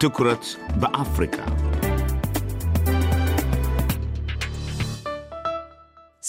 ትኩረት በአፍሪካ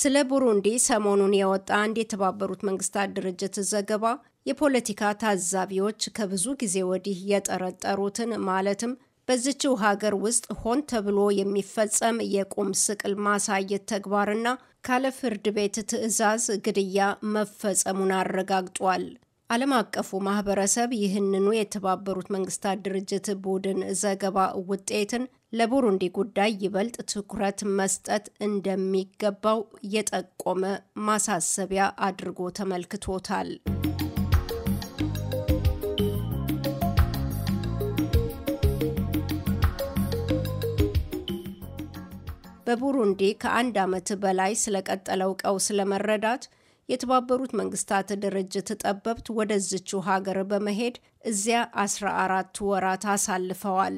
ስለ ቡሩንዲ ሰሞኑን የወጣ አንድ የተባበሩት መንግስታት ድርጅት ዘገባ የፖለቲካ ታዛቢዎች ከብዙ ጊዜ ወዲህ የጠረጠሩትን ማለትም በዝችው ሀገር ውስጥ ሆን ተብሎ የሚፈጸም የቁም ስቅል ማሳየት ተግባርና ካለ ፍርድ ቤት ትዕዛዝ ግድያ መፈጸሙን አረጋግጧል። ዓለም አቀፉ ማህበረሰብ ይህንኑ የተባበሩት መንግስታት ድርጅት ቡድን ዘገባ ውጤትን ለቡሩንዲ ጉዳይ ይበልጥ ትኩረት መስጠት እንደሚገባው የጠቆመ ማሳሰቢያ አድርጎ ተመልክቶታል። በቡሩንዲ ከአንድ ዓመት በላይ ስለቀጠለው ቀውስ ለመረዳት የተባበሩት መንግስታት ድርጅት ጠበብት ወደዝችው ሀገር በመሄድ እዚያ 14 ወራት አሳልፈዋል።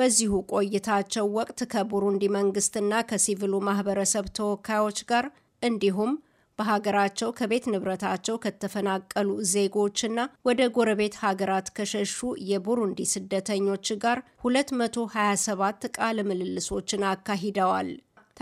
በዚሁ ቆይታቸው ወቅት ከቡሩንዲ መንግስትና ከሲቪሉ ማህበረሰብ ተወካዮች ጋር እንዲሁም በሀገራቸው ከቤት ንብረታቸው ከተፈናቀሉ ዜጎችና ወደ ጎረቤት ሀገራት ከሸሹ የቡሩንዲ ስደተኞች ጋር 227 ቃለ ምልልሶችን አካሂደዋል።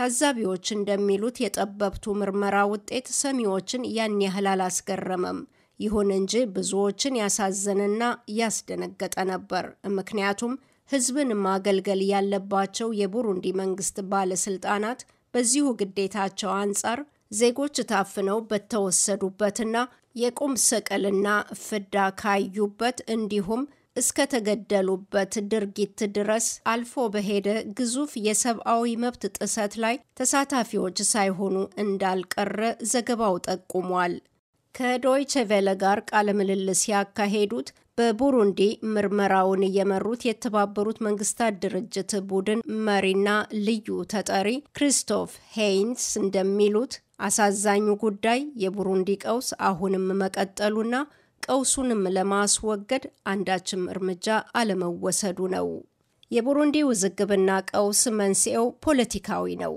ታዛቢዎች እንደሚሉት የጠበብቱ ምርመራ ውጤት ሰሚዎችን ያን ያህል አላስገረመም። ይሁን እንጂ ብዙዎችን ያሳዘንና ያስደነገጠ ነበር። ምክንያቱም ሕዝብን ማገልገል ያለባቸው የቡሩንዲ መንግስት ባለስልጣናት በዚሁ ግዴታቸው አንጻር ዜጎች ታፍነው በተወሰዱበትና የቁም ስቅልና ፍዳ ካዩበት እንዲሁም እስከተገደሉበት ድርጊት ድረስ አልፎ በሄደ ግዙፍ የሰብአዊ መብት ጥሰት ላይ ተሳታፊዎች ሳይሆኑ እንዳልቀረ ዘገባው ጠቁሟል። ከዶይቸ ቬለ ጋር ቃለ ምልልስ ያካሄዱት በቡሩንዲ ምርመራውን የመሩት የተባበሩት መንግስታት ድርጅት ቡድን መሪና ልዩ ተጠሪ ክሪስቶፍ ሄይንስ እንደሚሉት አሳዛኙ ጉዳይ የቡሩንዲ ቀውስ አሁንም መቀጠሉና ቀውሱንም ለማስወገድ አንዳችም እርምጃ አለመወሰዱ ነው። የቡሩንዲ ውዝግብና ቀውስ መንስኤው ፖለቲካዊ ነው።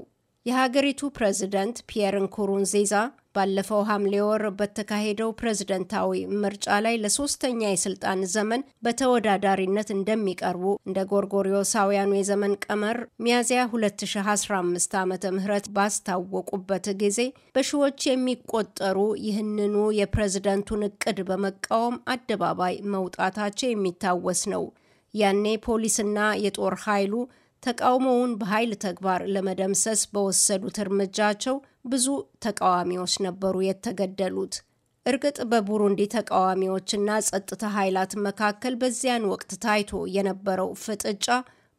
የሀገሪቱ ፕሬዝደንት ፒየር ንኩሩንዚዛ ባለፈው ሐምሌ ወር በተካሄደው ፕሬዝደንታዊ ምርጫ ላይ ለሶስተኛ የስልጣን ዘመን በተወዳዳሪነት እንደሚቀርቡ እንደ ጎርጎሪዮሳውያኑ የዘመን ቀመር ሚያዝያ 2015 ዓ ም ባስታወቁበት ጊዜ በሺዎች የሚቆጠሩ ይህንኑ የፕሬዝደንቱን እቅድ በመቃወም አደባባይ መውጣታቸው የሚታወስ ነው። ያኔ ፖሊስና የጦር ኃይሉ ተቃውሞውን በኃይል ተግባር ለመደምሰስ በወሰዱት እርምጃቸው ብዙ ተቃዋሚዎች ነበሩ የተገደሉት። እርግጥ በቡሩንዲ ተቃዋሚዎችና ጸጥታ ኃይላት መካከል በዚያን ወቅት ታይቶ የነበረው ፍጥጫ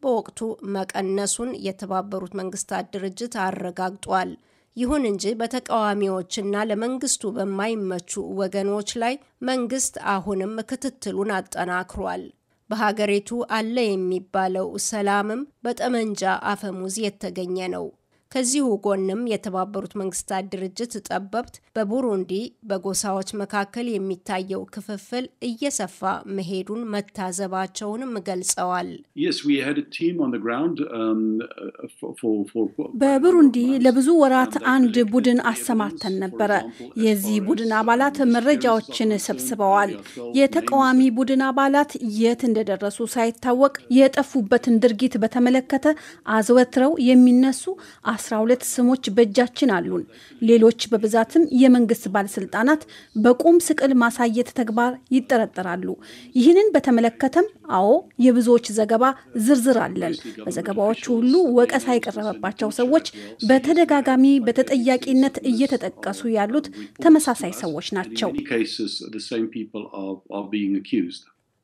በወቅቱ መቀነሱን የተባበሩት መንግስታት ድርጅት አረጋግጧል። ይሁን እንጂ በተቃዋሚዎችና ለመንግስቱ በማይመቹ ወገኖች ላይ መንግስት አሁንም ክትትሉን አጠናክሯል። በሀገሪቱ አለ የሚባለው ሰላምም በጠመንጃ አፈሙዝ የተገኘ ነው። ከዚሁ ጎንም የተባበሩት መንግስታት ድርጅት ጠበብት በቡሩንዲ በጎሳዎች መካከል የሚታየው ክፍፍል እየሰፋ መሄዱን መታዘባቸውንም ገልጸዋል። um, በቡሩንዲ ለብዙ ወራት አንድ ቡድን አሰማርተን ነበረ። የዚህ ቡድን አባላት መረጃዎችን ሰብስበዋል። የተቃዋሚ ቡድን አባላት የት እንደደረሱ ሳይታወቅ የጠፉበትን ድርጊት በተመለከተ አዘወትረው የሚነሱ 12 ስሞች በእጃችን አሉን። ሌሎች በብዛትም የመንግስት ባለስልጣናት በቁም ስቅል ማሳየት ተግባር ይጠረጠራሉ። ይህንን በተመለከተም አዎ የብዙዎች ዘገባ ዝርዝር አለን። በዘገባዎቹ ሁሉ ወቀሳ የቀረበባቸው ሰዎች በተደጋጋሚ በተጠያቂነት እየተጠቀሱ ያሉት ተመሳሳይ ሰዎች ናቸው።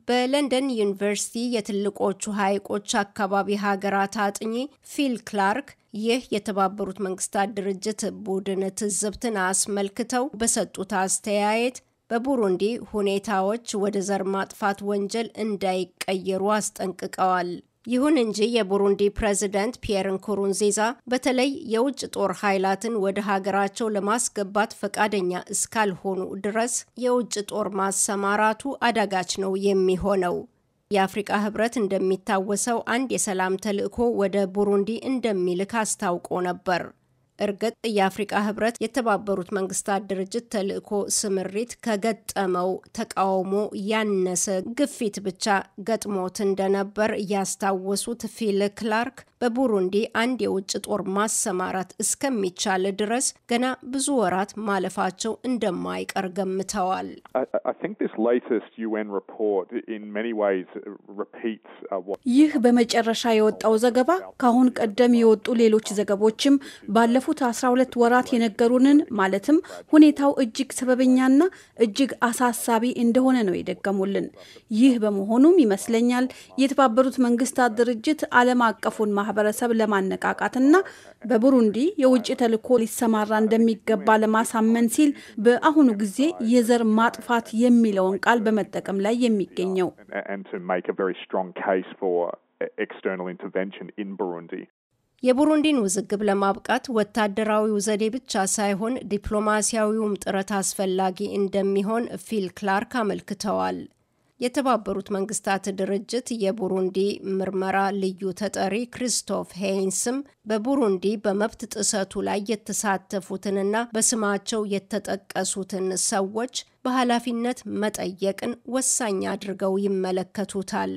በለንደን ዩኒቨርሲቲ የትልቆቹ ሐይቆች አካባቢ ሀገራት አጥኚ ፊል ክላርክ ይህ የተባበሩት መንግስታት ድርጅት ቡድን ትዝብትን አስመልክተው በሰጡት አስተያየት በቡሩንዲ ሁኔታዎች ወደ ዘር ማጥፋት ወንጀል እንዳይቀየሩ አስጠንቅቀዋል። ይሁን እንጂ የቡሩንዲ ፕሬዝደንት ፒየር ንኩሩንዚዛ በተለይ የውጭ ጦር ኃይላትን ወደ ሀገራቸው ለማስገባት ፈቃደኛ እስካልሆኑ ድረስ የውጭ ጦር ማሰማራቱ አዳጋች ነው የሚሆነው። የአፍሪቃ ህብረት እንደሚታወሰው አንድ የሰላም ተልዕኮ ወደ ቡሩንዲ እንደሚልክ አስታውቆ ነበር። እርግጥ የአፍሪቃ ህብረት የተባበሩት መንግስታት ድርጅት ተልእኮ ስምሪት ከገጠመው ተቃውሞ ያነሰ ግፊት ብቻ ገጥሞት እንደነበር ያስታወሱት ፊል ክላርክ በቡሩንዲ አንድ የውጭ ጦር ማሰማራት እስከሚቻል ድረስ ገና ብዙ ወራት ማለፋቸው እንደማይቀር ገምተዋል። uh, uh, ይህ በመጨረሻ የወጣው ዘገባ ከአሁን ቀደም የወጡ ሌሎች ዘገቦችም ባለፉ ላለፉት 12 ወራት የነገሩንን ማለትም ሁኔታው እጅግ ሰበበኛና እጅግ አሳሳቢ እንደሆነ ነው የደገሙልን። ይህ በመሆኑም ይመስለኛል የተባበሩት መንግስታት ድርጅት ዓለም አቀፉን ማህበረሰብ ለማነቃቃትና በቡሩንዲ የውጭ ተልዕኮ ሊሰማራ እንደሚገባ ለማሳመን ሲል በአሁኑ ጊዜ የዘር ማጥፋት የሚለውን ቃል በመጠቀም ላይ የሚገኘው የቡሩንዲን ውዝግብ ለማብቃት ወታደራዊው ዘዴ ብቻ ሳይሆን ዲፕሎማሲያዊውም ጥረት አስፈላጊ እንደሚሆን ፊል ክላርክ አመልክተዋል። የተባበሩት መንግስታት ድርጅት የቡሩንዲ ምርመራ ልዩ ተጠሪ ክሪስቶፍ ሄይንስም በቡሩንዲ በመብት ጥሰቱ ላይ የተሳተፉትንና በስማቸው የተጠቀሱትን ሰዎች በኃላፊነት መጠየቅን ወሳኝ አድርገው ይመለከቱታል።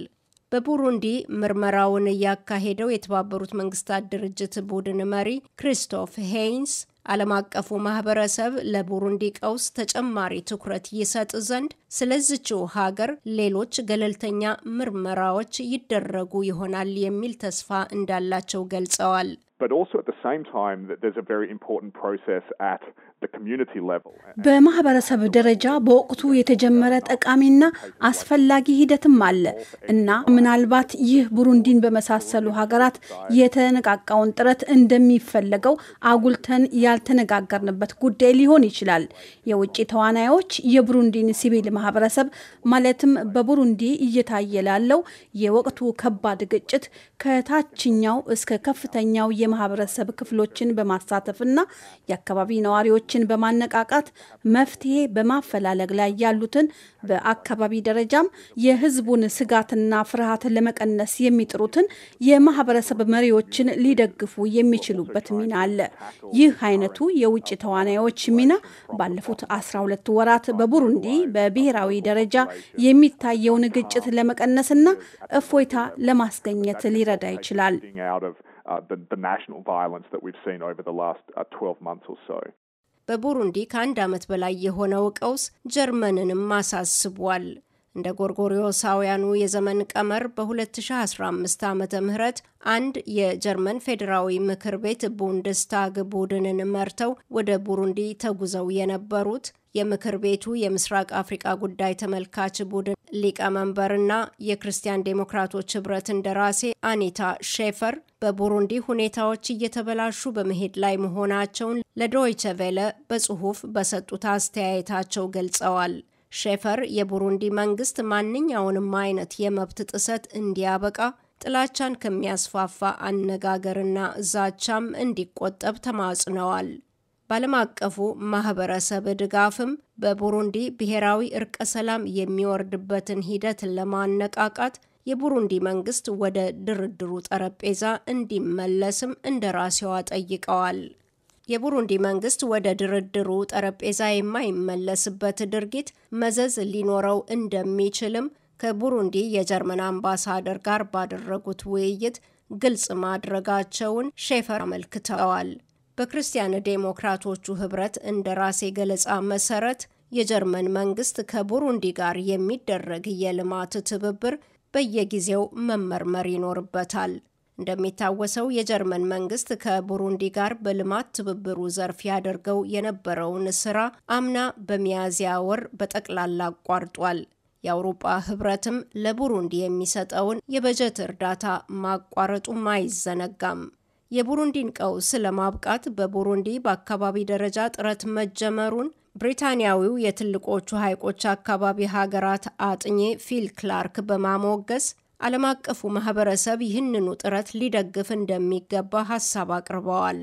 በቡሩንዲ ምርመራውን እያካሄደው የተባበሩት መንግስታት ድርጅት ቡድን መሪ ክሪስቶፍ ሄይንስ ዓለም አቀፉ ማህበረሰብ ለቡሩንዲ ቀውስ ተጨማሪ ትኩረት ይሰጥ ዘንድ ስለዚችው ሀገር ሌሎች ገለልተኛ ምርመራዎች ይደረጉ ይሆናል የሚል ተስፋ እንዳላቸው ገልጸዋል። በማህበረሰብ ደረጃ በወቅቱ የተጀመረ ጠቃሚና አስፈላጊ ሂደትም አለ እና ምናልባት ይህ ቡሩንዲን በመሳሰሉ ሀገራት የተነቃቃውን ጥረት እንደሚፈለገው አጉልተን ያልተነጋገርንበት ጉዳይ ሊሆን ይችላል። የውጭ ተዋናዮች የቡሩንዲን ሲቪል ማህበረሰብ ማለትም በቡሩንዲ እየታየ ላለው የወቅቱ ከባድ ግጭት ከታችኛው እስከ ከፍተኛው የማህበረሰብ ክፍሎችን በማሳተፍና የአካባቢ ነዋሪዎችን በማነቃቃት መፍትሄ በማፈላለግ ላይ ያሉትን በአካባቢ ደረጃም የህዝቡን ስጋትና ፍርሃት ለመቀነስ የሚጥሩትን የማህበረሰብ መሪዎችን ሊደግፉ የሚችሉበት ሚና አለ። ይህ አይነቱ የውጭ ተዋናዮች ሚና ባለፉት 12 ወራት በቡሩንዲ በብሔራዊ ደረጃ የሚታየውን ግጭት ለመቀነስና እፎይታ ለማስገኘት ሊረዳ ይችላል። Uh, the, the national violence that we've seen over the last uh, 12 months or so. በቡሩንዲ ከአንድ ዓመት በላይ የሆነው ቀውስ ጀርመንንም አሳስቧል። እንደ ጎርጎሪዮሳውያኑ የዘመን ቀመር በ2015 ዓ ም አንድ የጀርመን ፌዴራዊ ምክር ቤት ቡንደስታግ ቡድንን መርተው ወደ ቡሩንዲ ተጉዘው የነበሩት የምክር ቤቱ የምስራቅ አፍሪቃ ጉዳይ ተመልካች ቡድን ሊቀመንበርና የክርስቲያን ዴሞክራቶች ህብረት እንደራሴ አኒታ ሼፈር በቡሩንዲ ሁኔታዎች እየተበላሹ በመሄድ ላይ መሆናቸውን ለዶይቸ ቬለ በጽሁፍ በሰጡት አስተያየታቸው ገልጸዋል። ሼፈር የቡሩንዲ መንግስት ማንኛውንም አይነት የመብት ጥሰት እንዲያበቃ ጥላቻን ከሚያስፋፋ አነጋገርና ዛቻም እንዲቆጠብ ተማጽነዋል። ባለም አቀፉ ማህበረሰብ ድጋፍም በቡሩንዲ ብሔራዊ እርቀ ሰላም የሚወርድበትን ሂደት ለማነቃቃት የቡሩንዲ መንግስት ወደ ድርድሩ ጠረጴዛ እንዲመለስም እንደራሴዋ ጠይቀዋል። የቡሩንዲ መንግስት ወደ ድርድሩ ጠረጴዛ የማይመለስበት ድርጊት መዘዝ ሊኖረው እንደሚችልም ከቡሩንዲ የጀርመን አምባሳደር ጋር ባደረጉት ውይይት ግልጽ ማድረጋቸውን ሼፈር አመልክተዋል። በክርስቲያን ዴሞክራቶቹ ህብረት እንደራሴ ገለጻ መሰረት የጀርመን መንግስት ከቡሩንዲ ጋር የሚደረግ የልማት ትብብር በየጊዜው መመርመር ይኖርበታል። እንደሚታወሰው የጀርመን መንግስት ከቡሩንዲ ጋር በልማት ትብብሩ ዘርፍ ያደርገው የነበረውን ስራ አምና በሚያዝያ ወር በጠቅላላ አቋርጧል። የአውሮጳ ህብረትም ለቡሩንዲ የሚሰጠውን የበጀት እርዳታ ማቋረጡም አይዘነጋም። የቡሩንዲን ቀውስ ለማብቃት በቡሩንዲ በአካባቢ ደረጃ ጥረት መጀመሩን ብሪታንያዊው የትልቆቹ ሐይቆች አካባቢ ሀገራት አጥኚ ፊል ክላርክ በማሞገስ ዓለም አቀፉ ማህበረሰብ ይህንኑ ጥረት ሊደግፍ እንደሚገባ ሀሳብ አቅርበዋል።